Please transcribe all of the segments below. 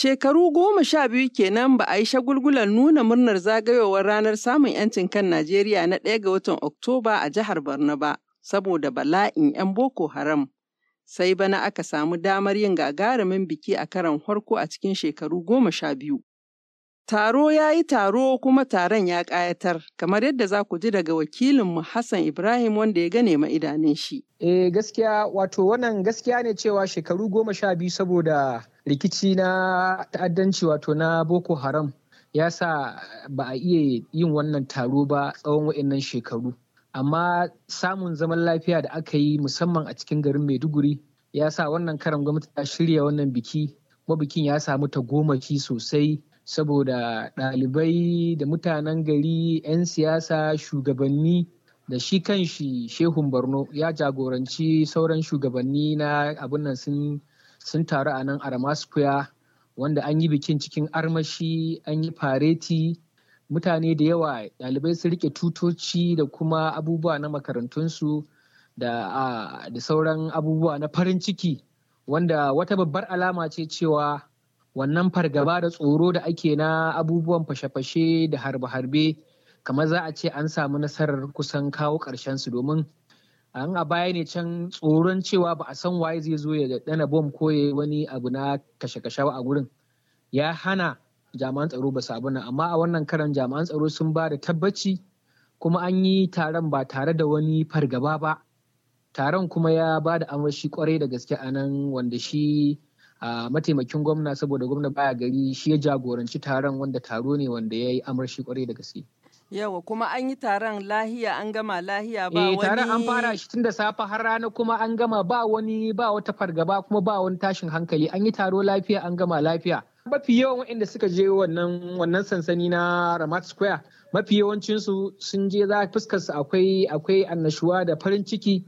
Shekaru goma sha biyu kenan ba a yi shagulgulan nuna murnar zagayowar ranar samun 'yancin kan Najeriya na ɗaya ga watan Oktoba a jihar Borno ba, saboda bala'in 'yan Boko Haram. Sai bana aka samu damar yin gagarumin biki a karon farko a cikin shekaru goma sha biyu. Taro ya yi taro kuma taron ya ƙayatar, kamar yadda za ku ji daga wakilinmu Hassan Ibrahim wanda ya gane ma idanun shi. E gaskiya wato wannan gaskiya ne cewa shekaru goma sha biyu saboda rikici na ta'addanci wato na Boko Haram ya sa ba a iya yin wannan taro ba tsawon wa'innan shekaru. Amma samun zaman lafiya da aka yi musamman a cikin garin Maiduguri ya sa wannan karan gwamnati ta shirya wannan biki, kuma bikin ya samu tagomaci sosai. saboda ɗalibai da mutanen gari 'yan siyasa shugabanni da shi kan shi shehun borno ya jagoranci sauran shugabanni na abin nan sun taru a nan arama square wanda an yi bikin cikin armashi an yi fareti mutane da yawa ɗalibai sun rike tutoci da kuma abubuwa na makarantunsu da sauran abubuwa na farin ciki wanda wata babbar alama ce cewa wannan fargaba da tsoro da ake na abubuwan fashe-fashe da harbe-harbe kamar za a ce an samu nasarar kusan kawo ƙarshen su domin an a baya ne can tsoron cewa ba a san waye zai zo ya dana bom ko ya wani abu na kashe-kashe a gurin ya hana jami'an tsaro ba su abuna amma a wannan karan jami'an tsaro sun ba da tabbaci kuma an yi taron ba tare da wani fargaba ba taron kuma ya ba da amurshi kwarai da gaske a nan wanda shi a mataimakin gwamna saboda gwamna baya gari shi ya jagoranci taron wanda taro ne wanda ya yi amarshi kwarai da gaske. Yawa kuma an yi taron lahiya an gama lahiya ba eh, wani. taron an fara shi tun da safe har rana kuma an gama ba wani ba wata fargaba kuma ba wani tashin hankali an yi taro lafiya an gama lafiya. mafi yawan waɗanda suka je wannan wannan sansani na Ramat Square mafi yawancinsu sun je za fuskar su akwai akwai annashuwa da farin ciki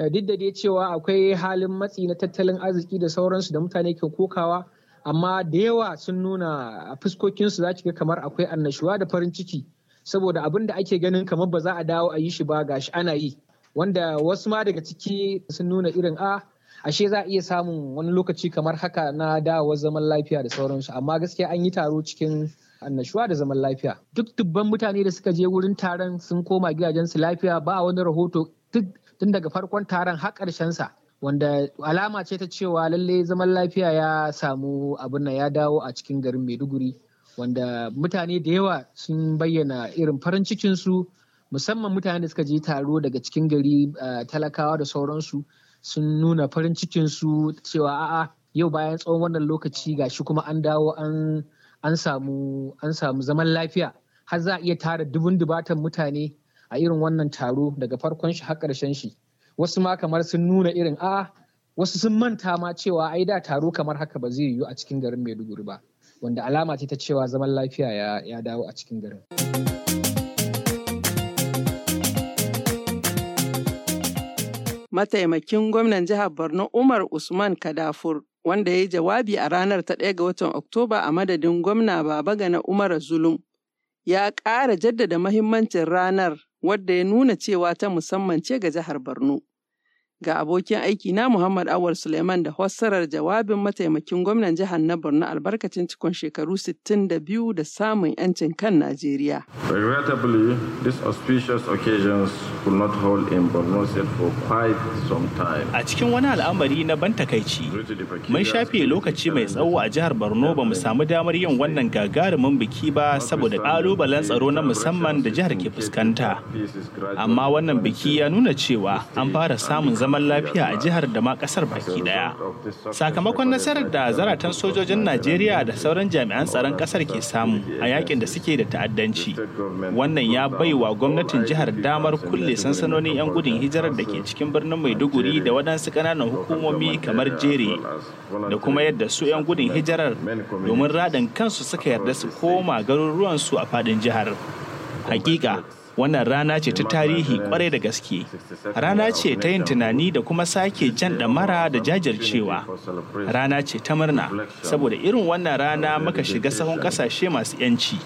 Eh, duk da dai cewa akwai halin matsi na tattalin arziki da sauransu da mutane ke kokawa amma da yawa sun nuna a fuskokinsu za ki ga kamar akwai annashuwa da farin ciki saboda abin da ake ganin kamar ba za a dawo a yi shi ba gashi ana yi wanda wasu ma daga ciki sun nuna irin a ah, ashe za a iya samun wani lokaci kamar haka na dawowar zaman lafiya da sauransu amma gaskiya an yi taro cikin annashuwa da zaman lafiya duk dubban mutane da suka je wurin taron sun koma gidajensu lafiya ba wani rahoto duk tun daga farkon taron har sa wanda alama ce ta cewa lalle zaman lafiya ya samu abin ya dawo a cikin garin maiduguri wanda mutane da yawa sun bayyana irin farin su, musamman mutane da suka je taro daga cikin gari talakawa da sauransu sun nuna farin su cewa a'a yau bayan tsawon wannan lokaci gashi kuma an dawo an samu zaman lafiya har za a iya tara dubun dubatan mutane a irin wannan taro daga farkon shi har ƙarshen shi wasu ma kamar sun nuna irin a wasu sun manta ma cewa ai da taro kamar haka ba zai yiwu a cikin garin maiduguri ba wanda alama ce ta cewa zaman lafiya ya, ya dawo a cikin garin. mataimakin gwamnan jihar Borno Umar Usman Kadafur wanda ya yi jawabi a ranar ta ɗaya ga watan Oktoba a madadin gwamna Baba Gana Umar Zulum ya ƙara jaddada mahimmancin ranar wadda ya nuna cewa ta musamman ce ga jihar Borno. ga abokin aiki na Muhammad Awal Suleiman da fassarar jawabin mataimakin gwamnan jihar na Borno albarkacin cikon shekaru 62 da samun 'yancin kan Najeriya. Regrettably, these auspicious occasions will not hold in Borno state for quite some time. A cikin wani al'amari na ban takaici, mun shafe lokaci mai tsawo a jihar Borno ba mu samu damar yin wannan gagarumin biki ba saboda ƙalubalen tsaro na musamman da jihar ke fuskanta. Amma wannan biki ya nuna cewa an fara samun zama zaman lafiya a jihar da ma kasar baki daya sakamakon nasarar da zaratan sojojin najeriya da sauran jami'an tsaron kasar ke samu a yakin da suke da ta'addanci wannan ya baiwa gwamnatin jihar damar kulle sansanonin 'yan gudun hijirar da ke cikin birnin maiduguri da waɗansu ƙananan hukumomi kamar jere da kuma yadda su 'yan gudun hijirar domin raɗin kansu suka yarda su koma garuruwansu a faɗin jihar hakika Wannan rana ce ta tarihi kwarai da gaske. Rana ce ta yin tunani da kuma sake jan ɗamara da jajircewa. Rana ce ta murna, saboda irin wannan rana muka shiga sahun kasashe masu 'yanci.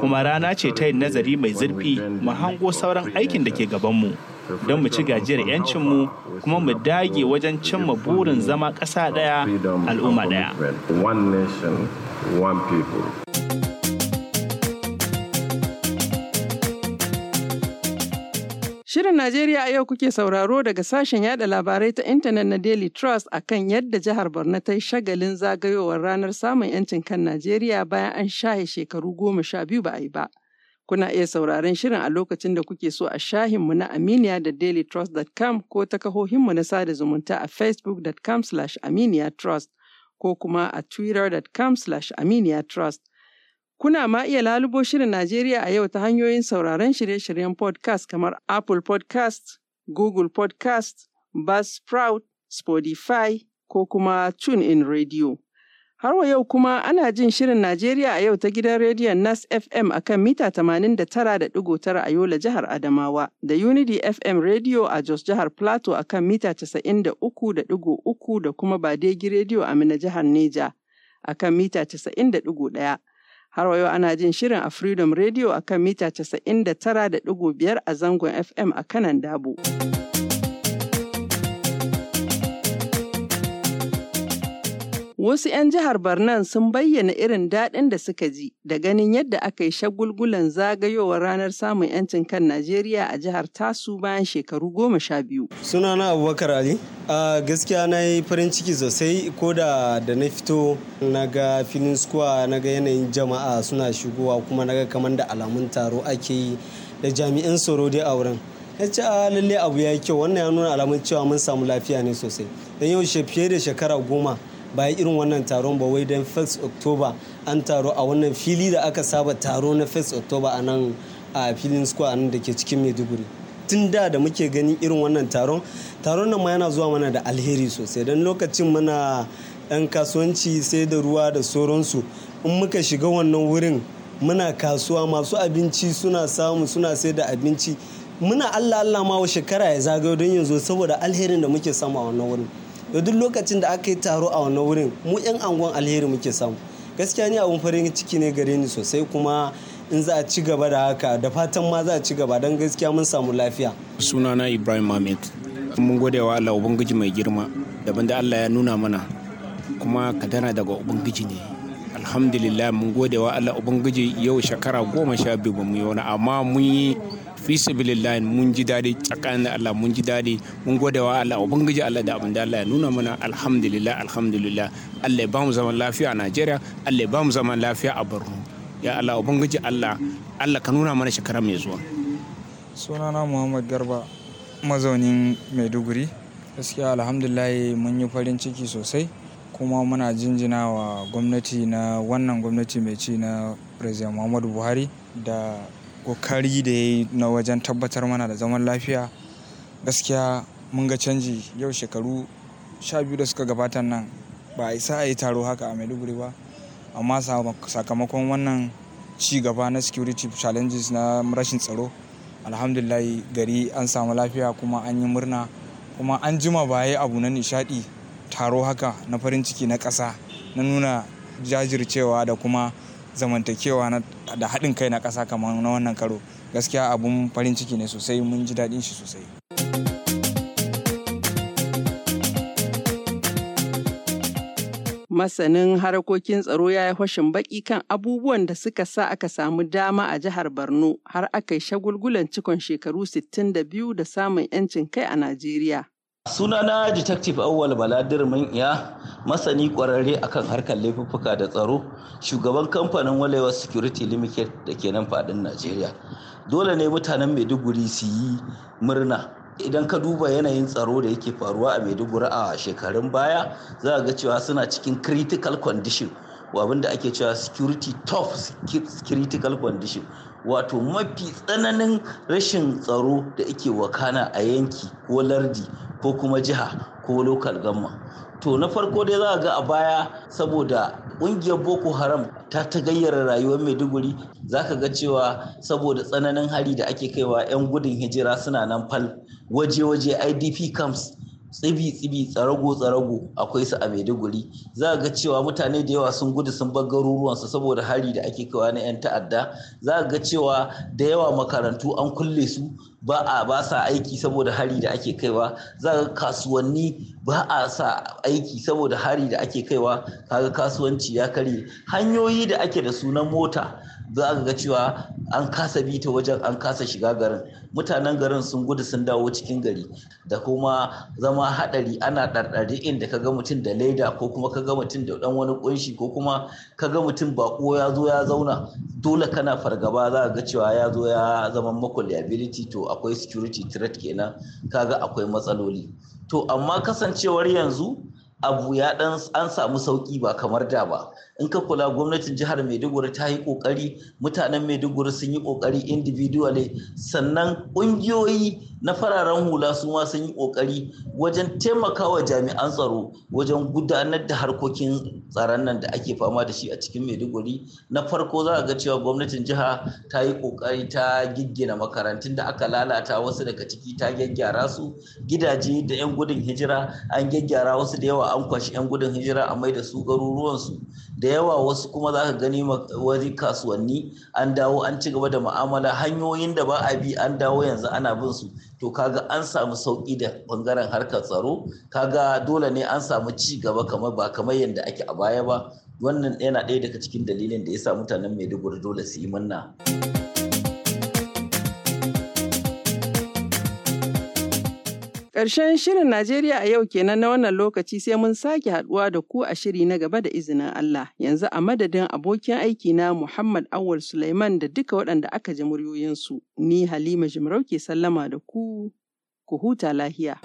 Kuma rana ce ta yin nazari mai zurfi mu hango sauran aikin da ke gabanmu. Don mu ci gajiyar 'yancinmu kuma mu dage wajen cimma burin zama ƙasa ɗaya al'umma ɗaya. Shirin Najeriya a yau kuke sauraro daga sashen yada labarai ta intanet na Daily Trust a kan yadda jihar Borno ta yi shagalin zagayowar ranar samun 'yancin kan Najeriya bayan an shahe shekaru goma sha biyu ba a yi ba. Kuna iya sauraron shirin a lokacin da kuke so a shahinmu na Aminiya da dailytrust.com ko ta kahohinmu na sada zumunta a facebook.com aminiya ko kuma a twitter.com aminiya Kuna ma iya lalubo Shirin Najeriya a yau ta hanyoyin sauraron shirye-shiryen podcast kamar Apple podcast, Google podcast, Buzzsprout, Spotify ko kuma TuneIn Radio. Har wa yau kuma ana jin Shirin Najeriya a yau ta gidan rediyon Nas FM a kan mita 89.9 a Yola jihar Adamawa da Unity FM Radio a Jos jihar Plateau a kan mita 93.3 da kuma Badegi Radio a Mina jihar Neja a kan mita 91. Har wa yau ana jin shirin a Freedom Radio akan mita 99.5 a zangon FM a kanan Dabo. Wasu 'yan jihar Barnan sun bayyana irin daɗin da suka ji da ganin yadda aka yi shagulgulan zagayowar ranar samun 'yancin kan Najeriya a jihar tasu bayan shekaru goma sha biyu. Sunana Abubakar Ali, a gaskiya na yi farin ciki sosai ko da da na fito na ga filin skuwa na ga yanayin jama'a suna shigowa kuma na ga kamar da alamun taro ake yi da jami'an tsaro dai a wurin. Yace a ah, lalle abu ya yi kyau wannan ya nuna alamun cewa mun samu lafiya ne sosai Dan yau fiye da shekara goma ba irin wannan taron ba wai don 1 october an taro a wannan fili da aka saba taro na 1 october a nan a filin square nan da ke cikin maiduguri tun da da muke gani irin wannan taron taron nan ma yana zuwa mana da alheri sosai don lokacin mana ɗan kasuwanci sai da ruwa da sauransu in muka shiga wannan wurin muna kasuwa masu abinci suna samu suna sai da abinci muna allah allah ma shekara ya zagayo don yanzu saboda alherin da muke samu a wannan wurin da duk lokacin da aka yi taro a wannan wurin mu 'yan angon alheri muke samu gaskiya ni abun farin ciki ne gare ni sosai kuma in za a ci gaba da haka da fatan ma za a ci gaba don gaskiya mun samu lafiya sunana ibrahim ahmed mun gode wa allah ubangiji mai girma daban da allah ya nuna mana kuma kadana daga ubangiji ne alhamdulillah mun gode wa Allah ubangiji yau shekara goma sha biyu ba mu yi wani amma mun yi fisabilillah mun ji daɗi tsakanin Allah mun ji daɗi mun gode wa Allah ubangiji Allah da abin da Allah ya nuna mana alhamdulillah alhamdulillah Allah ya ba mu zaman lafiya a Najeriya Allah ya ba mu zaman lafiya a Borno ya Allah ubangiji Allah Allah ka nuna mana shekara mai zuwa sunana Muhammad Garba mazaunin Maiduguri gaskiya alhamdulillah mun yi farin ciki sosai kuma muna jinjina wa gwamnati na wannan gwamnati mai ci na president muhammadu buhari da kokari da ya yi na wajen tabbatar mana da zaman lafiya gaskiya mun ga canji yau shekaru sha biyu da suka gabata nan ba a isa a yi taro haka a maiduguri ba amma sakamakon wannan ci gaba na security challenges na rashin tsaro alhamdulillah gari an samu lafiya kuma an yi murna kuma an jima ba yi abu na nishadi taro haka na farin ciki na ƙasa na nuna jajircewa da kuma zamantakewa da haɗin kai na ƙasa kamar na wannan karo gaskiya abun farin ciki ne sosai mun ji daɗin shi sosai. Masanin harkokin tsaro ya yi fashin baki kan abubuwan da suka sa aka samu dama a jihar Borno har aka yi shagulgulan cikon shekaru 62 da samun 'yancin kai a Najeriya. sunana detective awwal baladir iya masani kwararre akan harkar laifuffuka da tsaro shugaban kamfanin walewa security limited da ke nan fadin najeriya dole ne mutanen maiduguri su yi murna idan ka duba yanayin tsaro da yake faruwa a maiduguri a shekarun baya za a ga cewa suna cikin critical condition abinda ake cewa security top critical condition wato mafi tsananin rashin tsaro da ake wakana a yanki ko lardi ko kuma jiha ko local gamma to na farko dai za a ga a baya saboda ƙungiyar boko haram ta ta gayyara rayuwar maiduguri za ka ga cewa saboda tsananin hari da ake kaiwa 'yan gudun hijira suna nan fal waje-waje idp camps tsibi-tsibi tsarago-tsarago akwai su a maiduguri za ga cewa mutane da yawa sun gudu sun bar garuruwansu saboda hari da ake kawa na 'yan ta'adda za ga cewa da yawa makarantu an kulle su ba a ba sa aiki saboda hari da ake kaiwa za ga kasuwanni ba a sa aiki saboda hari da ake kaiwa kaga kasuwanci ya kare hanyoyi da ake da sunan mota za ga cewa an kasa bi ta wajen an kasa shiga garin mutanen garin sun gudu sun dawo cikin gari da kuma zama hadari ana ɗarɗari inda ka ga mutum da leda ko kuma ka ga mutum da ɗan wani kunshi ko kuma ka ga mutum baƙo ya zo ya zauna dole kana fargaba za ga cewa ya zo ya zama maka liability to akwai security threat kenan kaga akwai matsaloli to amma kasancewar yanzu abu ya dan an samu sauki ba kamar da ba in ka kula gwamnatin jihar maiduguri ta yi kokari mutanen maiduguri sun yi kokari individually sannan ƙungiyoyi na fararen hula su ma sun yi ƙoƙari wajen taimakawa jami'an tsaro wajen gudanar da harkokin tsaron nan da ake fama da shi a cikin maiduguri na farko za a ga cewa gwamnatin jiha ta yi ƙoƙari ta giggina makarantun da aka lalata wasu daga ciki ta gyaggyara su gidaje da 'yan gudun hijira an gyaggyara wasu da yawa an kwashi 'yan gudun hijira a mai da su garuruwansu da yawa wasu kuma za ka gani wani kasuwanni an dawo an ci gaba da mu'amala hanyoyin da ba a bi an dawo yanzu ana bin su to kaga an samu sauƙi da bangaren harkar tsaro kaga dole ne an samu ci gaba kamar ba kamar yadda ake a baya ba wannan yana ɗaya daga cikin dalilin da ya sa mutanen maiduguri dole su yi manna. Karshen shirin Najeriya a yau kenan na wannan lokaci sai mun sake haɗuwa da ku a shiri na gaba da izinin Allah. Yanzu a madadin abokin aiki na Muhammad Awal Sulaiman da duka waɗanda aka ji muryoyinsu, ni Halima Jimarau ke sallama da ku, ku huta lahiya.